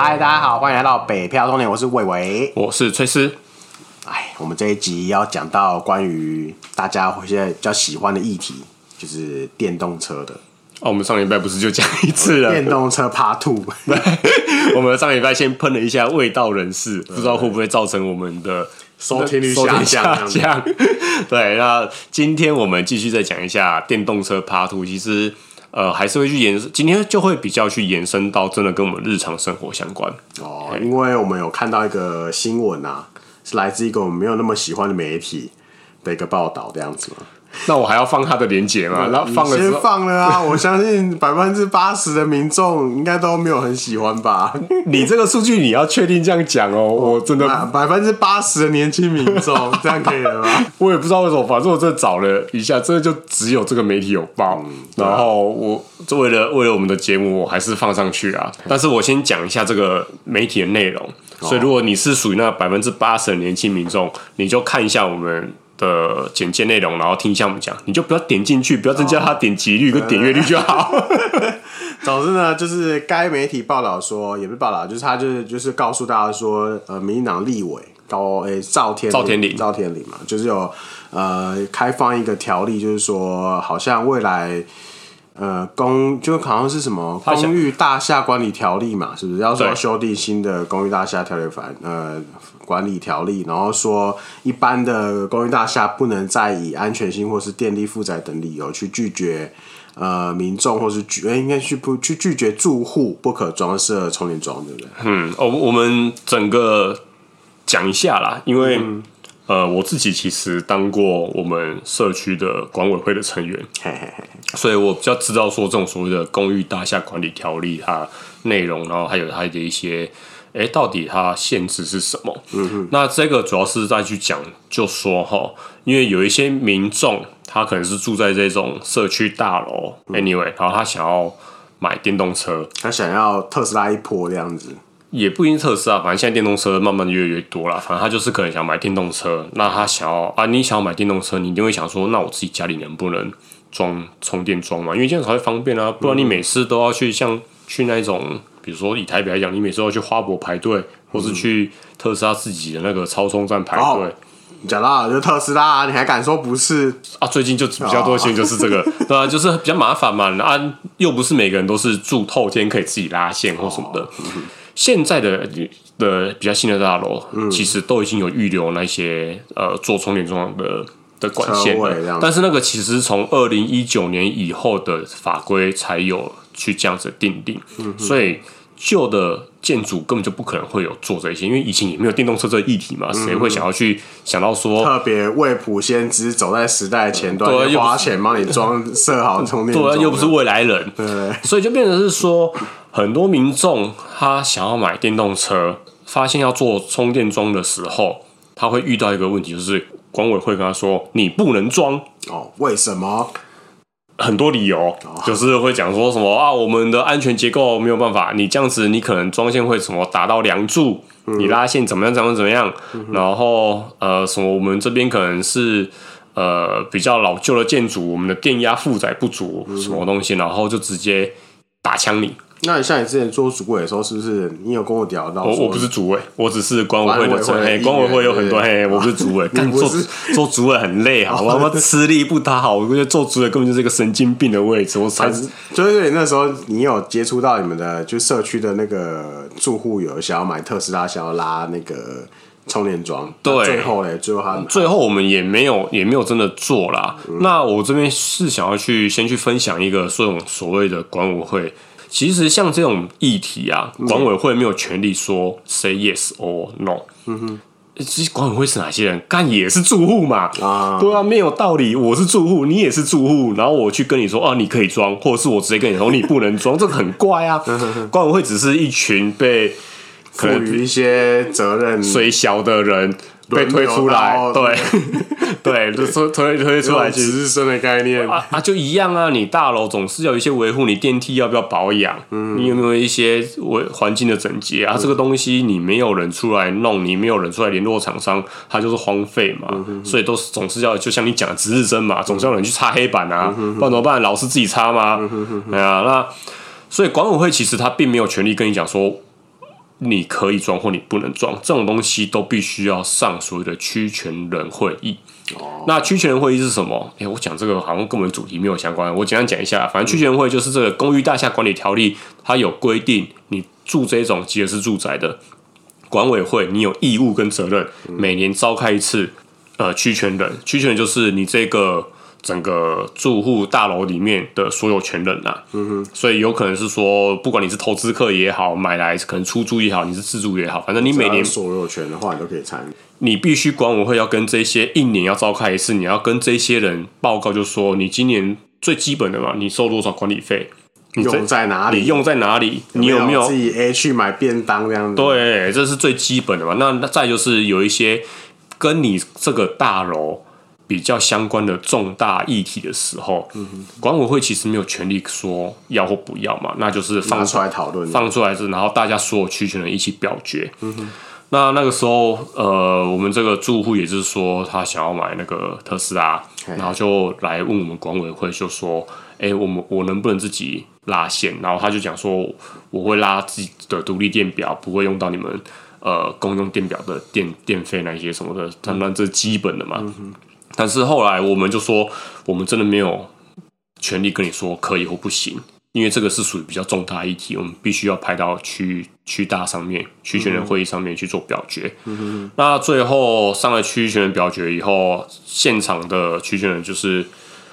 嗨，Hi, 大家好，歡迎來到北漂重點。我是偉偉，我是崔斯。哎，我們這一集要講到關於大家現在比較喜歡的議題，就是電動車的。哦、啊，我們上禮拜不是就講一次了？電動車趴兔。我們上禮拜先噴了一下味道人士， 不知道會不會造成我們的收聽率下降？下降 對，那今天我們繼續再講一下電動車趴兔。其實。呃，還是會去延伸，今天就會比較去延伸到真的跟我們日常生活相關哦，嘿因為我們有看到一個新聞啊，是來自一個我們沒有那麼喜歡的媒體的一個報道這樣子嘛。嗯那我還要放他的連結嗎？那放了，先放了啊！我相信百分之八十的民眾應該都沒有很喜歡吧。你這個數據你要確定這樣講哦，我真的百分之八十的年輕民眾，這樣可以了嗎？我也不知道為什麼，反正我這找了一下，真的就只有這個媒體有報。然後我就為了為了我們的節目，我還是放上去啊。但是我先講一下這個媒體的內容，所以如果你是屬於那百分之八十的年輕民眾，你就看一下我們。的簡介內容，然後聽一下我們講，你就不要點進去，不要增加他點擊率跟點閱率就好。哦、 總之呢，就是該媒體報道說，也沒報道，就是他就是就是告訴大家說，呃，民進黨立委高誒、欸、趙天麟趙天麟趙天麟嘛，就是有呃開放一個條例，就是說好像未來。呃，公就好像是什麼公寓大廈管理條例嘛，想是不是？要說修訂新的公寓大廈條例法呃管理條例，對、呃、例，然後說一般的公寓大廈不能再以安全性或是電力負載等理由去拒絕呃民眾或是拒，應該去不去拒絕住戶不可裝設充電樁，對不對？嗯，我我們整個講一下啦，因為、嗯。呃，我自己其實當過我們社區的管委會的成員，嘿嘿嘿。所以我比較知道說這種所謂的公寓大廈管理條例它內容，然後還有它的一些，哎、欸，到底它限制是什麼？嗯哼，那這個主要是在去講，就說哈，因為有一些民眾他可能是住在這種社區大樓，anyway，然後他想要買電動車，他想要特斯拉一波這樣子。也不一定特斯拉，反正現在電動車慢慢越來越多了，反正他就是可能想買電動車。那他想要啊，你想要買電動車，你一定會想說，那我自己家裡能不能裝充電樁嘛？因為這樣才會方便啊，不然你每次都要去像去那種，嗯、比如說以台北來講，你每次都要去花博排隊，或是去特斯拉自己的那個超充站排隊。講、哦、到就是特斯拉、啊，你還敢說不是？啊，最近就比較多錢就是這個，對啊、哦， 就是比較麻煩嘛，啊，又不是每個人都是住透天可以自己拉線或什麼的。哦嗯現在的的比較新的大樓，嗯、其實都已經有預留那些呃做充電樁的的管線了，但是那個其實是從二零一九年以後的法規才有去這樣子定定，嗯、哼所以舊的。建築根本就不可能會有做這些，因為以前也沒有電動車這個議題嘛，誰、嗯、會想要去想到說特別未卜先知，走在時代前端，嗯啊、花錢幫你裝設好充電樁的？對、啊，又不是未來人，對對對，所以就變成是說，很多民眾他想要買電動車，發現要做充電樁的時候，他會遇到一個問題，就是管委會跟他說你不能裝哦，為什麼？很多理由，就是會講說什麼啊，我們的安全結構沒有辦法，你這樣子你可能裝線會什麼打到樑柱，嗯、你拉線怎麼樣怎麼樣怎麼樣，嗯、哼然後呃，什麼我們這邊可能是呃比較老舊的建築，我們的電壓負載不足什麼東西，嗯、哼然後就直接打槍你。那像你之前做主委的時候，是不是你有跟我聊到？我我不是主委，我只是管委會的。哎，管委會有很多。哎，我不是主委，幹、哦、幹不做，做主委很累哈？我他媽吃力不討好。我覺得做主委根本就是一個神經病的位置。我才是是就是對，那時候，你有接觸到你們的就社區的那個住戶有想要買特斯拉，想要拉那個充電樁。對，最後嘞，最後他最後我們也沒有也沒有真的做啦。嗯、那我這邊是想要去先去分享一個說，所謂的管委會。其實像這種議題啊，管委會沒有權利說 say yes or no。嗯哼，其實管委會是哪些人？幹也是住戶嘛，啊，Wow. 對啊，沒有道理。我是住戶，你也是住戶，然後我去跟你說，啊，你可以裝，或者是我直接跟你說，你不能裝， 這個很怪啊。管委會只是一群被可能賦予一些責任衰小的人。被推出來，對對， 就推推出來，值日生的概念 啊，啊，就一樣啊。你大樓總是有一些維護，你電梯要不要保養？嗯、你有沒有一些環環境的整潔啊？嗯、啊這個東西你沒有人出來弄，你沒有人出來聯絡廠商，它就是荒廢嘛。嗯、哼哼所以都總是要就像你講的值日生嘛，總是要人去擦黑板啊。嗯、哼哼不然怎麼辦？老師自己擦嗎？對啊，那所以管委會其實他並沒有權利跟你講說。你可以裝或你不能裝，這種東西都必須要上所謂的區權人會議。哦，那區權人會議是什麼？誒、欸，我講這個好像跟我們主題沒有相關，我簡單講一下。反正區權人會就是這個公寓大廈管理條例，它有規定，你住這種集合式住宅的管委會，你有義務跟責任，嗯、每年召開一次。呃，區權人，區權人就是你這個。整個住戶大樓裡面的所有權人啊，嗯哼，所以有可能是說，不管你是投資客也好，買來可能出租也好，你是自住也好，反正你每年所有權的話，你都可以參與。你必須管委會要跟這些一年要召開一次，你要跟這些人報告，就說你今年最基本的嘛，你收多少管理費，用在哪裡，用在哪裡，你有沒有自己 A 去買便當這樣子？對，這是最基本的嘛。那再就是有一些跟你這個大樓。比較相關的重大議題的時候，管、嗯、哼委會其實沒有權利說要或不要嘛，那就是放出來討論，放出來之後然後大家所有區權人一起表決。嗯、哼那那個時候，呃，我們這個住戶也是說他想要買那個特斯拉，嘿然後就來問我們管委會，就說：“哎、欸，我們我能不能自己拉線？”然後他就講說：“我會拉自己的獨立電表，不會用到你們呃公用電表的電電費那些什麼的，當然這是基本的嘛。嗯”但是後來我們就說，我們真的沒有權利跟你說可以或不行，因為這個是屬於比較重大議題，我們必須要排到區區大上面區權人會議上面去做表決。嗯、那最後上了區權人表決以後，現場的區權人就是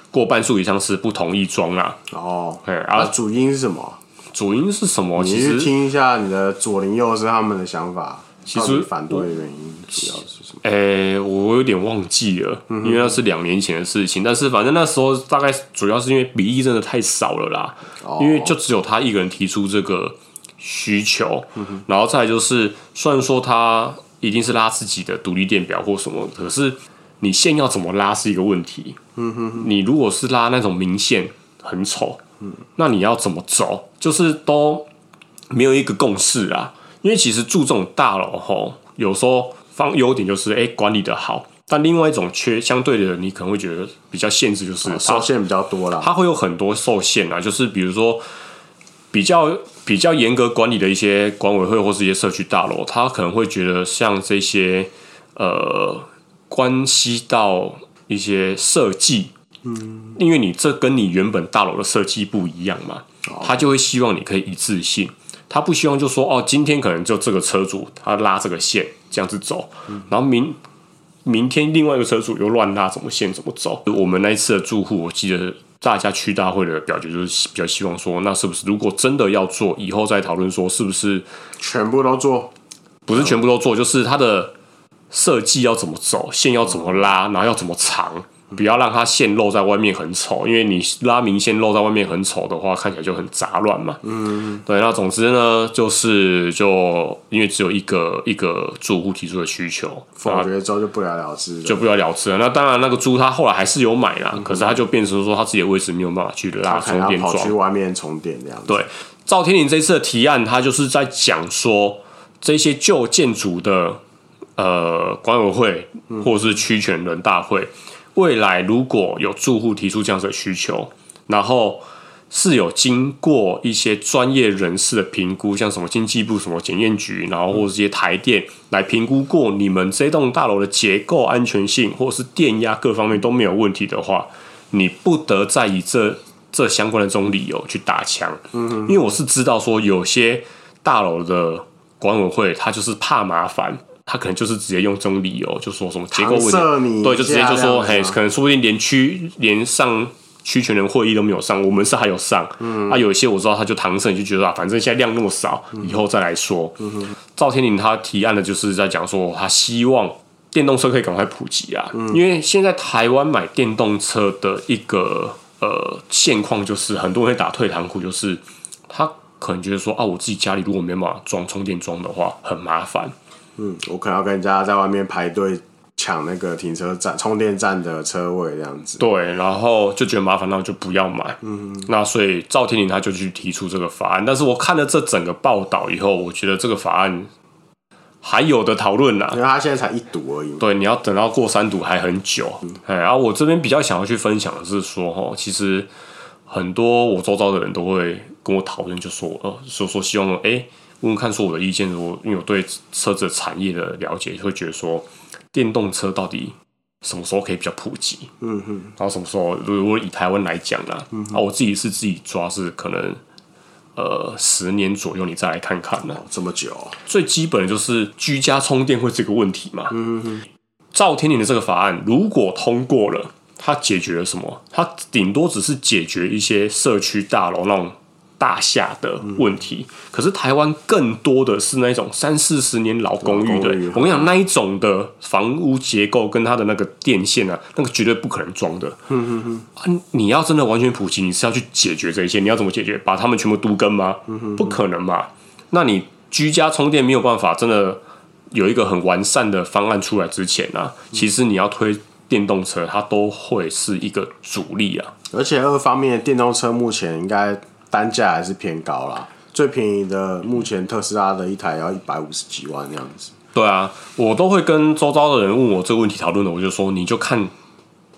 過半數以上是不同意裝啊。哦，哎，啊，主因是什麼？主因是什麼？你去聽一下你的左鄰右舍他們的想法。其實反對的原因主要是什麼？我，欸、我有點忘記了。嗯、哼因為那是兩年前的事情。嗯、哼但是反正那時候大概主要是因為比例真的太少了啦，哦、因為就只有他一個人提出這個需求，嗯、哼然後再來就是雖然說他已經是拉自己的獨立電表或什麼，可是你線要怎麼拉是一個問題。嗯、哼哼，你如果是拉那種明線，很醜，嗯、那你要怎麼走？就是都沒有一個共識啊。因為其實住這種大樓吼，有時候方優點就是哎、欸、管理的好，但另外一種缺相對的，你可能會覺得比較限制，就是他、哦、受限比較多啦。它會有很多受限啊，就是比如說比較比較嚴格管理的一些管委會或是一些社區大樓，他可能會覺得像這些呃，關係到一些設計，嗯，因為你這跟你原本大樓的設計不一樣嘛，哦、他就會希望你可以一致性。他不希望就說哦，今天可能就這個車主他拉這個線這樣子走，嗯、然後明明天另外一個車主又亂拉什麼線怎麼走？我們那一次的住戶，我記得大家去大會的表決就是比較希望說，那是不是如果真的要做，以後再討論說是不是全部都做？不是全部都做，就是它的設計要怎麼走，線要怎麼拉，嗯、然後要怎麼藏。不要讓它線露在外面很醜，因為你拉明線露在外面很醜的話，看起來就很雜亂嘛。嗯，對。那總之呢，就是就因為只有一個一個住戶提出的需求，否決之後就不了了之，就不了了之了。那當然，那個租他後來還是有買了，嗯、可是他就變成說他自己的位置沒有辦法去拉充電樁，跑去外面充電這樣子。對，趙天麟這次的提案，他就是在講說這些舊建築的呃管委會或者是區權人大會。嗯未來如果有住戶提出這樣子的需求，然後是有經過一些專業人士的評估，像什麼經濟部、什麼檢驗局，然後或者這些台電來評估過你們這棟大樓的結構安全性，或者是電壓各方面都沒有問題的話，你不得再以這這相關的這種理由去打槍。嗯，嗯，嗯，因為我是知道說有些大樓的管委會他就是怕麻煩。他可能就是直接用這種理由，就說什麼結構問題，對，就直接就說，嘿，可能說不定連區連上區權人會議都沒有上，我們是還有上，嗯，啊，有一些我知道，他就搪塞，就覺得啊，反正現在量那麼少，嗯、以後再來說。趙、嗯、哼天麟他提案的，就是在講說，他希望電動車可以趕快普及啊，嗯、因為現在台灣買電動車的一個呃現況，就是很多人會打退堂鼓，就是他可能覺得說啊，我自己家裡如果沒辦法裝充電樁的話，很麻煩。嗯，我可能要跟人家在外面排隊搶那個停車站、充電站的車位這樣子。對，然後就覺得麻煩，那就不要買。嗯，那所以趙天麟他就去提出這個法案。但是我看了這整個報道以後，我覺得這個法案還有得討論吶，因為他現在才一讀而已。對，你要等到過三讀還很久。哎、嗯，然後、啊、我這邊比較想要去分享的是說，哦，其實很多我周遭的人都會跟我討論，就說，呃，說說希望，哎、欸。不用看出我的意見，我因為我對車子產業的了解，就會覺得說電動車到底什麼時候可以比較普及？嗯哼，然後什麼時候？如果以台灣來講呢、啊？嗯哼。啊，我自己是自己抓，是可能呃十年左右，你再來看看呢、啊。這麼久，最基本的就是居家充電會是一個問題嘛？嗯哼，嗯。趙天麟的這個法案如果通過了，它解決了什麼？它頂多只是解決一些社區大樓那種。大廈的問題，嗯、可是台灣更多的是那種三四十年老公寓，的。我跟你講，嗯、那一種的房屋結構跟它的那個電線啊，那個絕對不可能裝的。嗯嗯嗯、啊，你要真的完全普及，你是要去解決這一些，你要怎麼解決？把他們全部都跟嗎？嗯嗯嗯、不可能吧？那你居家充電沒有辦法，真的有一個很完善的方案出來之前呢、啊，嗯、其實你要推電動車，它都會是一個阻力啊。而且二方面，電動車目前應該。單價還是偏高啦，最便宜的目前特斯拉的一台要一百五十幾萬那樣子。對啊，我都會跟周遭的人問我這個問題討論的，我就說你就看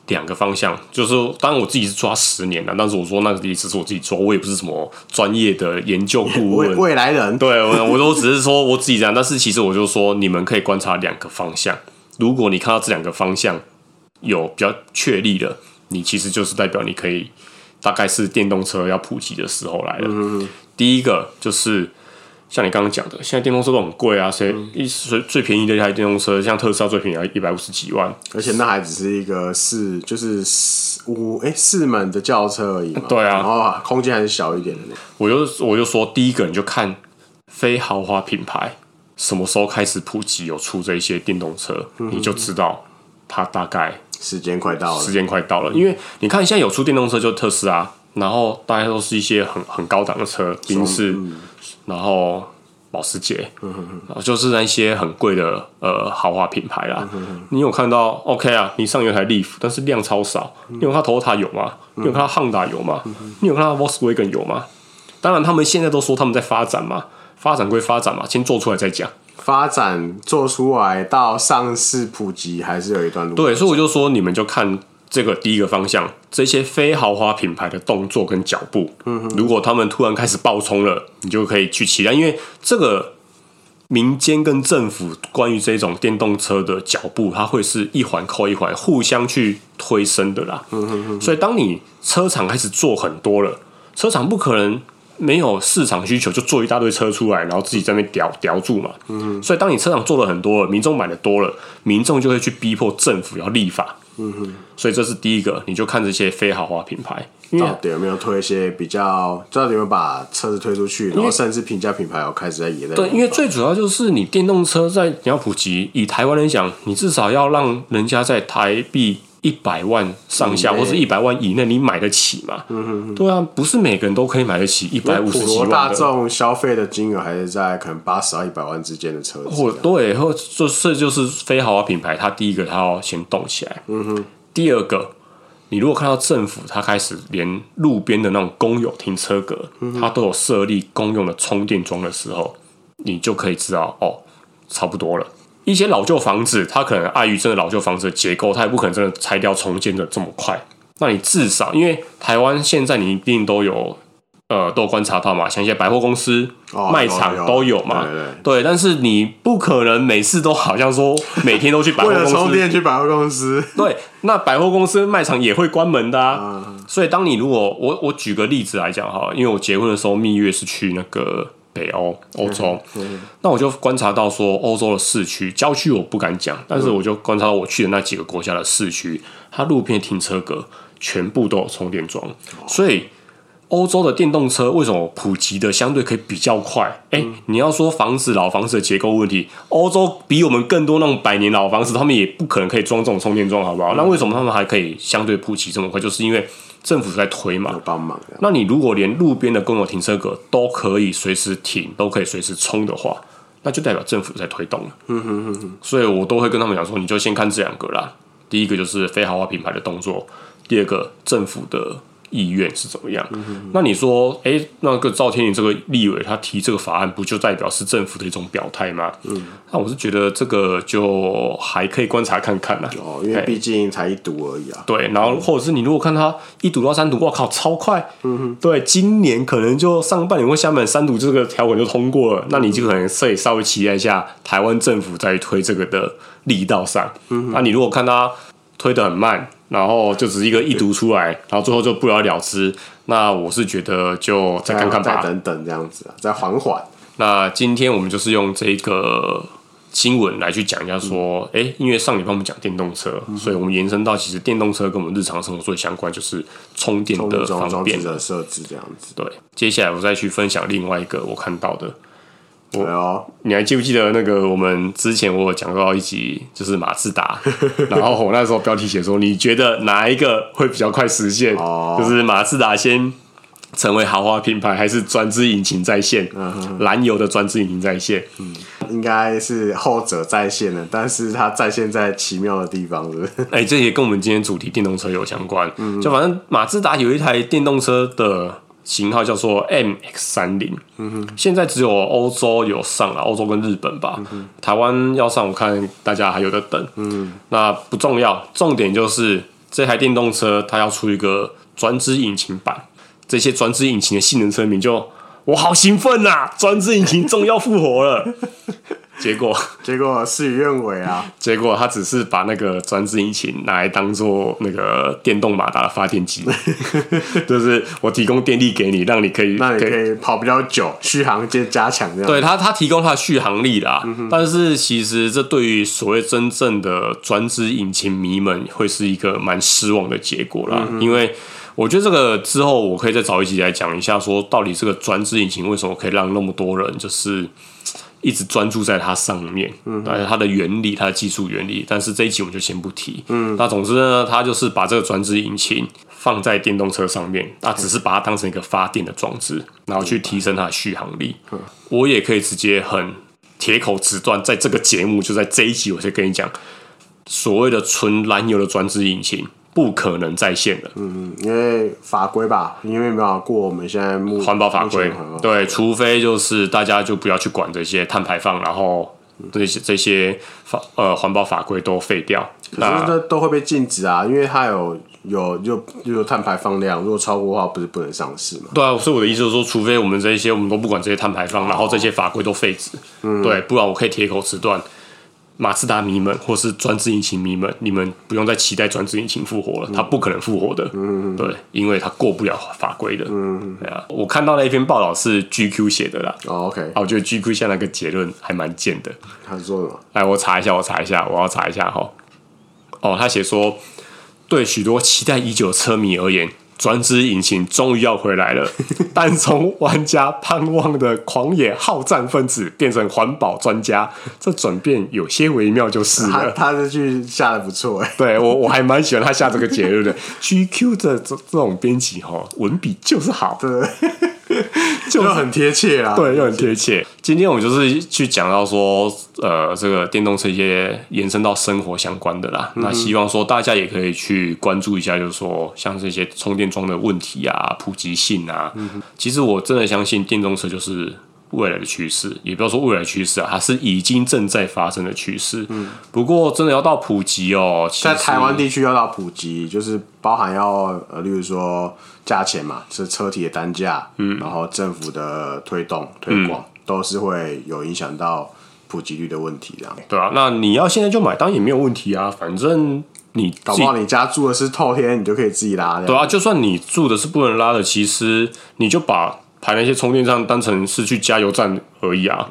兩個方向，就是當然我自己是抓十年的，但是我說那個地址是我自己抓，我也不是什麼專業的研究顧問，未，未來人，對，我我都只是說我自己這樣。 但是其實我就說你們可以觀察兩個方向，如果你看到這兩個方向有比較確立的，你其實就是代表你可以。大概是電動車要普及的時候來了。第一個就是像你剛剛講的，現在電動車都很貴啊，誰一所以最便宜的一台電動車，像特斯拉最便宜的一百五十幾萬，而且那還只是一個四就是四五哎、欸、四門的轎車而已。對啊，然後空間還是小一點的。啊、我就我就說，第一個你就看非豪華品牌什麼時候開始普及有出這一些電動車，你就知道它大概。時間快到了，時間快到了。因為你看，現在有出電動車，就特斯拉。然後，大家都是一些很很高檔的車，賓士，嗯、然後保時捷，嗯嗯、就是那些很貴的呃豪華品牌啦。嗯嗯嗯、你有看到？OK 啊，你上一台 LEAF，但是量超少。嗯、你有看到 Toyota 有嗎？嗯、你有看到 Honda 有嗎？嗯嗯、你有看到 Volkswagen 有嗎？當然，他們現在都說他們在發展嘛，發展歸發展嘛，先做出來再講。發展做出來到上市普及還是有一段路。對，所以我就說，你們就看這個第一個方向，這些非豪華品牌的動作跟腳步。嗯哼，如果他們突然開始爆衝了，你就可以去期待，因為這個民間跟政府關於這種電動車的腳步，它會是一環扣一環，互相去推升的啦。嗯哼哼。所以，當你車廠開始做很多了，車廠不可能，沒有市場需求，就做一大堆車出來，然後自己在那邊叼，叼住嘛。嗯、哼所以當你車廠做的很多了，民眾買的多了，民眾就會去逼迫政府要立法。嗯、哼所以這是第一個，你就看這些非豪華品牌為到底有沒有推一些比較，到底有沒有把車子推出去，為然後甚至平價品牌，要開始在野的。對，因為最主要就是你電動車在你要普及，以台灣人講，你至少要讓人家在台幣。一百萬上下，嗯欸、或者一百萬以內，你買得起嗎？嗯哼哼，對啊，不是每個人都可以買得起一百五十幾萬，大眾消費的金額還是在可能八十到一百萬之間的車子。或對，或這這就是非豪華品牌，它第一個它要先動起來。嗯哼第二個，你如果看到政府它開始連路邊的那種公有停車格，它都有設立公用的充電樁的時候，你就可以知道哦，差不多了。一些老舊房子，它可能礙於真的老舊房子的結構，它也不可能真的拆掉重建的這麼快。那你至少，因為台灣現在你一定都有，呃，都觀察到嘛，像一些百貨公司、哦、賣場都有嘛，對。但是你不可能每次都好像說每天都去百貨公司充電，去百貨公司。 公司。對，那百貨公司賣場也會關門的啊。嗯、所以，當你如果我我舉個例子來講哈，因為我結婚的時候蜜月是去那個。北歐、歐洲，嗯、那我就觀察到說，歐洲的市區、郊區我不敢講，但是我就觀察到我去的那幾個國家的市區，嗯、它路邊停車格全部都有充電樁。所以歐洲的電動車為什麼普及的相對可以比較快？誒、欸，嗯、你要說房子老房子的結構問題，歐洲比我們更多那種百年老房子，他們也不可能可以裝這種充電樁，好不好？那為什麼他們還可以相對普及這麼快？就是因為。政府在推嘛，幫忙。那你如果連路邊的公共的停車格都可以隨時停，都可以隨時充的話，那就代表政府在推動了。所以我都會跟他們講說，你就先看這兩個啦。第一個就是非豪華品牌的動作，第二個政府的。意願是怎麼樣？嗯、哼那你說，哎、欸，那個趙天麟這個立委他提這個法案，不就代表是政府的一種表態嗎？那、嗯啊、我是覺得這個就還可以觀察看看了。因為畢竟才一讀而已啊、欸。對，然後或者是你如果看他一讀到三讀，我靠，超快！嗯哼對，今年可能就上半年或下半年三讀這個條款就通過了，嗯、那你就可能可以稍微期待一下台灣政府在推這個的力道上。嗯那哼、啊、你如果看他。推得很慢，然後就只是一個一讀出來，對然後最後就不了了之。那我是覺得就再看看吧，再再等等這樣子，再緩緩。那今天我們就是用這一個新聞來去講一下，說，哎、嗯，因為上禮拜我們講電動車，嗯、哼所以我們延伸到其實電動車跟我們日常生活最相關就是充電的方便裝置的設置這樣子。對，接下來我再去分享另外一個我看到的。對哦，你還記不記得那個我們之前我有講到一集，就是馬自達，然後我那時候標題寫說，你覺得哪一個會比較快實現？哦，就是馬自達先成為豪華品牌，還是轉子引擎再現，燃油的轉子引擎再現？嗯，應該是後者再現的，但是它再現在奇妙的地方，是不是？哎，這也跟我們今天主題電動車有相關，嗯，就反正馬自達有一台電動車的。型號叫做 MX 30，現在只有歐洲有上了，歐洲跟日本吧，嗯、哼台灣要上我看大家還有得等，嗯、那不重要，重點就是這台電動車它要出一個轉子引擎版，這些轉子引擎的性能車迷就。我好興奮吶、啊！轉子引擎終於要復活了， 結果結果事與願違啊！結果他只是把那個轉子引擎拿來當做那個電動馬達的發電機， 就是我提供電力給你，讓你可以， 可以那你可以跑比較久，續航接加強這樣。對，他他提供他的續航力啦，嗯、哼但是其實這對於所謂真正的轉子引擎迷們會是一個蠻失望的結果啦、嗯、哼因為。我覺得這個之後我可以再找一集來講一下，說到底這個轉子引擎為什麼可以讓那麼多人就是一直專注在它上面，嗯哼，但是它的原理、它的技術原理，但是這一集我們就先不提，嗯。那總之呢，它就是把這個轉子引擎放在電動車上面，那只是把它當成一個發電的裝置，嗯、然後去提升它的續航力。嗯、我也可以直接很鐵口直斷，在這個節目就在這一集，我就跟你講，所謂的純燃油的轉子引擎。不可能再現的，嗯嗯，因為法規吧，因為沒辦法過。我們現在目環保法規，對，除非就是大家就不要去管這些碳排放，然後這些這些法呃環保法規都廢掉，可是這都會被禁止啊，那因為它有有就就碳排放量如果超過的話，不是不能上市嘛？對啊，所以我的意思是說，除非我們這些我們都不管這些碳排放，哦、然後這些法規都廢止，嗯、對，不然我可以鐵口直斷。馬自達迷們，或是轉子引擎迷們，你們不用再期待轉子引擎復活了，嗯、它不可能復活的，嗯、對，因為它過不了法規的。嗯啊、我看到那一篇報道是 GQ 寫的啦。哦、OK、啊、我覺得 GQ 下那個結論還蠻賤的。他是說什麼？來，我查一下，我查一下，我要查一下哈。哦，他寫說，對許多期待已久的車迷而言。轉子引擎終於要回來了，但從玩家盼望的狂野好戰分子變成環保專家，這轉變有些微妙，就是了、啊。他這句下得不錯、欸，對我我還蠻喜歡他下這個結論的。 GQ 的這這種編輯哈、哦，文筆就是好。對 就很貼切啊，對，又很貼切。今天我們就是去講到說，呃，這個電動車一些延伸到生活相關的啦，嗯、哼那希望說大家也可以去關注一下，就是說像這些充電樁的問題啊，普及性啊。嗯、哼其實我真的相信電動車就是。未來的趨勢，也不要說未來趨勢啊，它是已經正在發生的趨勢。嗯，不過真的要到普及哦、喔，在台灣地區要到普及，就是包含要呃，例如說價錢嘛，是車體的單價，嗯，然後政府的推動推廣，嗯、都是會有影響到普及率的問題這樣。對啊，那你要現在就買當然也沒有問題啊，反正你，搞不好你家住的是透天，你就可以自己拉。對啊，就算你住的是不能拉的，其實你就把。把那些充電站當成是去加油站而已啊，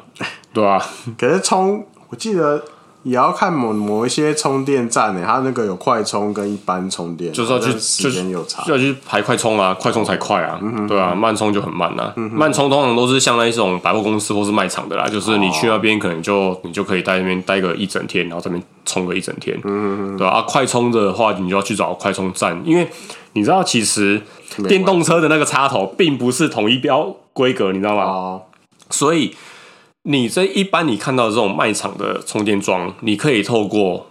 對吧、啊？ 可是充，我記得也要看某某一些充電站呢，它那個有快充跟一般充電，就是要去時間有差，就要去排快充啊，快充才快啊，對啊，慢充就很慢啊。慢充通常都是像那種百貨公司或是賣場的啦，就是你去那邊可能就你就可以待在那邊待個一整天，然後在那邊充個一整天，對吧、啊啊？快充的話，你就要去找快充站，因為。你知道，其實電動車的那個插頭並不是統一標規格，你知道嗎？哦、所以你這一般你看到這種賣場的充電樁，你可以透過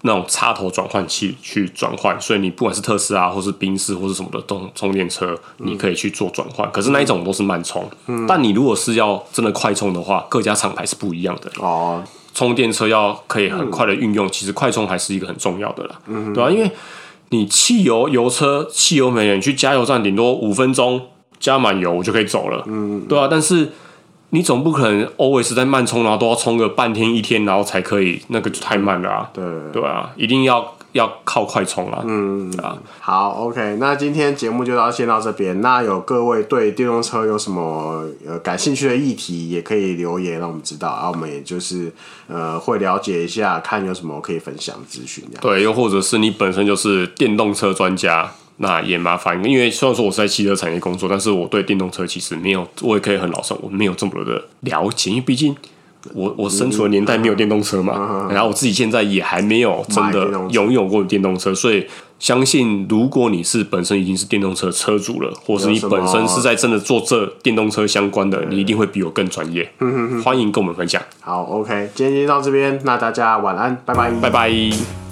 那種插頭轉換器去轉換。所以你不管是特斯拉，或是賓士，或是什麼的動充電車，嗯、你可以去做轉換。可是那一種都是慢充，嗯、但你如果是要真的快充的話，各家廠牌是不一樣的哦。充電車要可以很快的運用，嗯、其實快充還是一個很重要的啦，嗯、對吧、啊？因為你汽油油車，汽油沒了，你去加油站，頂多五分鐘加滿油就可以走了。嗯，對啊。但是你總不可能 always 在慢充，然後都要充個半天一天，然後才可以，那個就太慢了啊。嗯、對對啊，一定要。要靠快充了。嗯，這樣。好，OK，那今天節目就到，先到這邊。那有各位對電動車有什麼呃感興趣的議題，也可以留言讓我們知道啊。然後我們也就是呃會了解一下，看有什麼可以分享的、諮詢。對，又或者是你本身就是電動車專家，那也麻煩。因為雖然說我是在汽車產業工作，但是我對電動車其實沒有，我也可以很老實，我沒有這麼多的了解。因為畢竟。我我身處的年代沒有電動車嘛，然後我自己現在也還沒有真的擁有過電動車，所以相信如果你是本身已經是電動車車主了，或是你本身是在真的做這電動車相關的，你一定會比我更專業。歡迎跟我們分享。好，OK，今天就到這邊，那大家晚安，拜拜，拜拜。